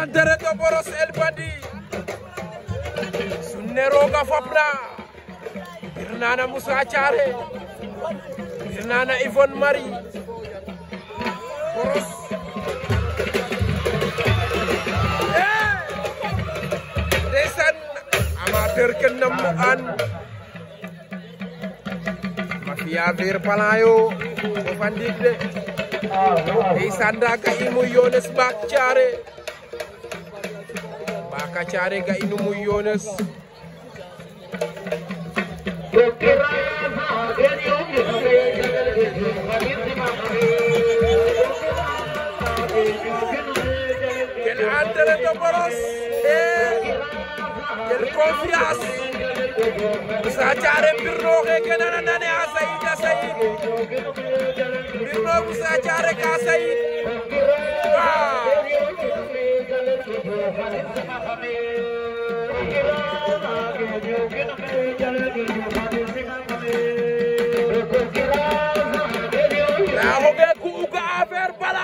santere to boros el bandi sunne roga fapna irnana Moussa Thiaré irnana Yvonne Marie boros ndeysaan amateur ken nam mo an mafiya ver palayo fo fandik de ah, ndeysaan da ka i mo Yones Mbak Thiaré kaccare ga inumu yonas ken antere to boros e ken confiance sa care birno xe kenana nane a sayid a Bravo, Beco, o café, para